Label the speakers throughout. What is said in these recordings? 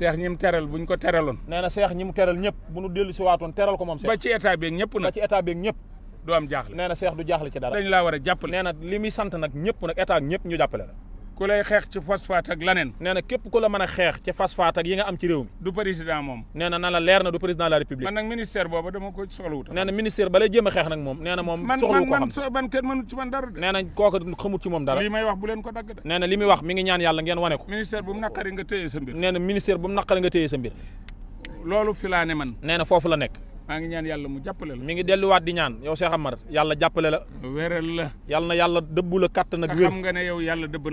Speaker 1: seex ñi mu teral ko teraloon. nee na seex ñi mu teral ñëpp bu nu dellu si waatoon teral ko moom seex. ba ci état beeg ñëpp nag ba ci état beeg ñëpp. du am jaaxle nee na du jaaxle ci dara. dañ laa war a jàppale. nee na li muy sant nag ñëpp nag état ñëpp ñu jàppale la. ku lay xeex ci phosphate ak laneen. nee na ku la mën a xeex ci phosphate ak yi nga am ci réew mi. du président moom. nee na na la leer na du président de la république. man nag ministère boobu dama ko soxlawut. nee na ministère ba lay a xeex nag moom nee moom. soxlawu ko man dara de. nee na kooku xamut moom dara. lii may wax bu leen ko dagg de. nee na li muy wax mi ngi ñaan yàlla ngeen wane ko. ministère bu mu naqari nga téye sa mbir. nee na bu mu naqari nga téye laa ne man. nee na foofu la nekk maa ngi ñaan yàlla mu la mi ngi delluwaat di ñaan yow Cheikh Amar yàlla jàppale la wéral la yàlla dëbb la kàttan ak wér xam nga na la dëbb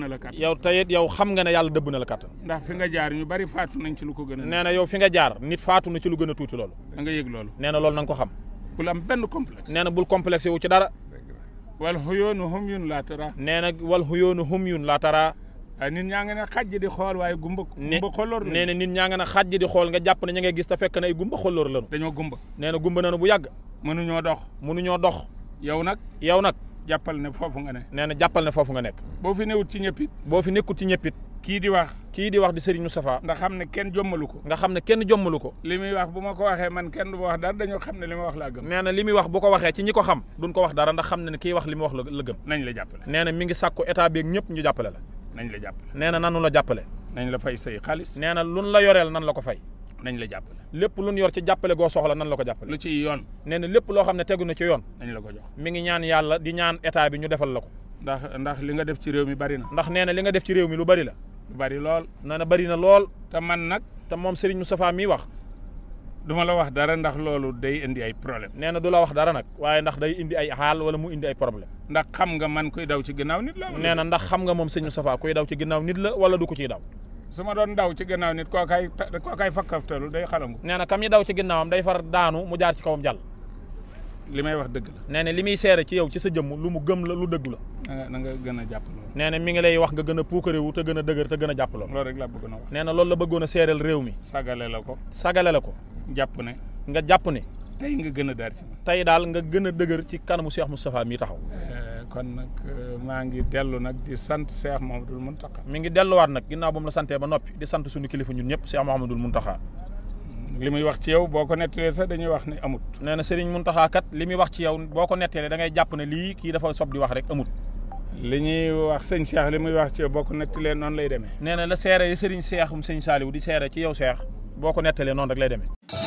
Speaker 1: na la kàttan ndax fi nga jaar ñu bari faatu nañ ci ko gën a nee fi nga jaar nit faatu na ci lu a tuuti loolu da nga yëg loolu nee na ko xam bul am benn complexe nee bul complexe wu ci dara wal huyoonu hum yun laa tara ay nit ñaa nga ne xajj di xool waaye gumba gumba xolloor nee na nit ñaa nga ne xajj di xool nga jàpp ne ñu ngay gis te fekk na ay gumba xolloor lañu dañoo gumba nee na gumba nañu bu yàgg mënuñoo dox dox yow nag yow nag jàppal ne foofu nga ne nee na jàppal ne foofu nekk boo fi newut ci ñëppit boo fi nekkut ci ñëppit kii di wax kii di wax di Serigne Moustapha nga xam ne nga xam ne kenn jommalu ko li muy wax bu ma ko waxee man kenn na li muy wax bu ko waxee ci ñi ko xam duñ ko wax dara ndax xam ne ne wax li wax la gëm nañ la jàppale nee na mi ngi sàkku état beeg ñëpp ñu jàppale la nañ la jàppale nee na nanu la jàppale nañ la fay say xaalis nee na luñ la yoreel nan la ko fay nañ la jàppale lépp luñ yor ci jàppale goo soxla nan la ko jàppale lu ci yoon nee lépp loo xam ne tegu na ci yoon nañ la ko jox mi ngi ñaan yàlla di ñaan état bi ñu defal la ko ndax ndax li nga def ci réew mi bari na ndax nee na li nga def ci réew mi lu bari la lu bari lool nee na bari na lool te man nag te moom Serigne Moustapha mi wax du la wax dara ndax loolu day indi ay problème nee na du la wax dara nag waaye ndax day indi ay xaal wala mu indi ay problème ndax xam nga man kuy daw ci ginnaaw nit la nee na ndax xam nga moom sëñ Moustapha kuy daw ci ginnaaw nit la wala du ko ciy daw su ma doon daw ci ginnaaw nit koo kay koo kay fakkaftalu day xalangu nee na kam yi daw ci ginnaawam day far daanu mu jaar ci kawam jàll li may wax dëgg la nee na li muy seere ci yow ci sa jëmm lu mu gëm la lu dëgg la na nga gën a jàpp nee na mi ngi lay wax nga gën a puukaréwu te gën a dëgër te a jàpp rek laa bëgg na nee na loolu la bëggoon a seereel mi sagale la ko sagale ko jàpp ne. nga jàpp ne. tey nga gën a daar ci tey daal nga gën a dëgër ci kanamu Cheikh Moustapha mii taxaw. Eh, kon nag eh, maa ngi dellu nag di sant Cheikh Mouhamadoul Mountakha. mi ngi delluwaat nag ginnaaw ba la santee ba noppi di sant suñu kilifa ñun ñëpp Cheikh Mouhamadoul Mountakha. Mm, li muy wax ci yow boo ko nettalee sax dañuy wax ne amut. nee na Serigne Mountakha kat li muy wax ci yow boo ko nettalee da ngay jàpp ne lii kii dafa sob di wax rek amut. li ñuy wax sëñ Cheikh li muy wax ci yow boo ko nettalee noonu lay demee. nee na la seere yi Serigne Cheikh um sëñ Saliou di seere ci yow Cheikh boo ko nettalee noonu rek lay demee.